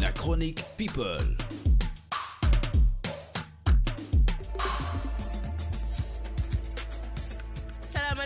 la chronique People.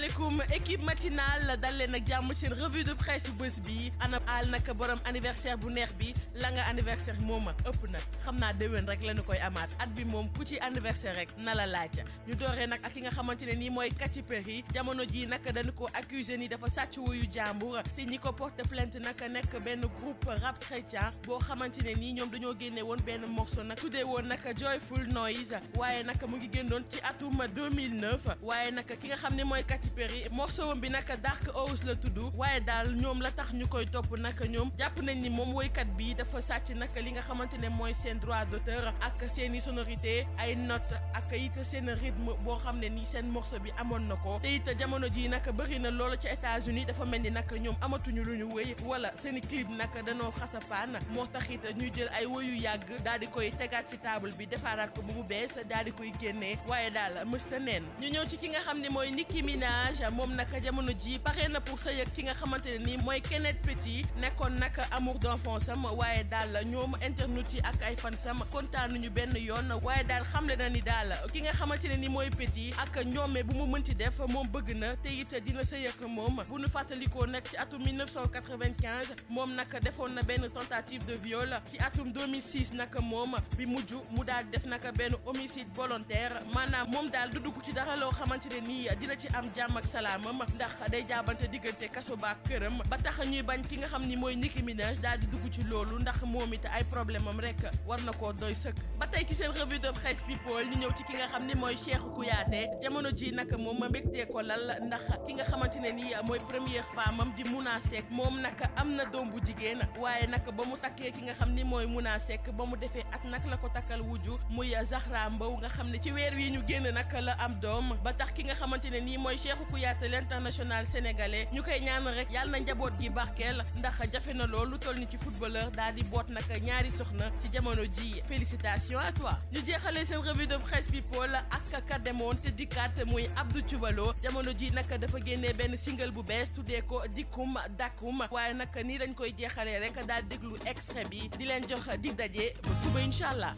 asalaamaaleykum équipe matinale dal leen ak jàmm seen revue de presse bés bi ana al naka borom anniversaire bu neex bi la nga anniversaire moom a ëpp na xam naa déwén rek la ñu koy amaat at bi moom ku ci anniversaire rek na la ñu dooree nag ak ki nga xamante ne nii mooy Katy Perry jamono jii nag dañu ko accusé ni dafa sàcc wuyu jàmbur te ñi ko porte plainte nag nekk benn groupe rap chrétien boo xamante ne nii ñoom dañoo génne woon benn morceau nag tuddee woon nag Joyful Noise waaye nag mu ngi génnoon ci atum 2009 waaye nag ki nga xam ne mooy Perry morceau bi naka Dark House la tudd waaye daal ñoom la tax ñu koy topp naka ñoom jàpp nañ ni moom woykat bi dafa sàcc naka li nga xamante ne mooy seen droit d'auteur ak seeni sonorité ay not ak it seen rythme boo xam ne ni seen morceau bi amoon na ko te it jamono ji naka bëri na loolu ci États-Unis dafa mel ni naka ñoom amatuñu lu ñu wéy wala seen clip naka danoo xasa paan moo tax it ñuy jël ay woyu yàgg daal di koy tegaat ci table bi defaaraat ko bu mu bees daal di koy génnee hommage moom nag jamono ji pare na pour sëy ak ki nga xamante ne nii mooy Kenneth Petit nekkoon nag amour d'enfance am waaye daal ñoom internet yi ak ay fansam kontaanuñu benn yoon waaye daal xamle na ni daal ki nga xamante ne nii mooy Petit ak ñoome bu mu mënti def moom bëgg na te it dina sëy ak moom bu nu fàttalikoo nag ci atum 1995 moom nag defoon na benn tentative de viol ci atum 2006 nag moom bi mujj mu daal def nag benn homicide volontaire maanaam moom daal du dugg ci dara loo xamante ne nii dina ci am jàmm jàmm ak salaamam ndax day jaabante diggante kaso ba ak këram ba tax ñuy bañ ki nga xam ni mooy Nicki Minaj daal di dugg ci loolu ndax moom it ay problème am rek war na koo dooy sëkk ba tey ci seen revue de presse people ñu ñëw ci ki nga xam ni mooy Cheikh Kouyaté jamono ji nag moom ma mbégtee ko lal ndax ki nga xamante ne nii mooy première femme am di Mouna Seck moom nag am na doom bu jigéen waaye nag ba mu takkee ki nga xam ni mooy Mouna sekk ba mu defee ak nag la ko takkal wujju muy Zahra Mbow nga xam ne ci weer wi ñu génn nag la am doom ba tax xamante ne nii mooy Cheikh Cheikhou Kouyaté l'international sénégalais ñu koy ñaan rek yalla na njaboot gi barkel ndax jafe na loolu toll ni ci footballeur daal di bot nak ñaari soxna ci jamono ji félicitations à toi ñu jéxalé seen revue de presse people ak ka demoon te dikkaat muy Abdou Thioubalo jamono ji nak dafa génné ben single bu bees tudé ko dikum dakkum waye nak ni dañ koy jéxalé rek daal déglu extrait bi di leen jox dig dajé ba suba inshallah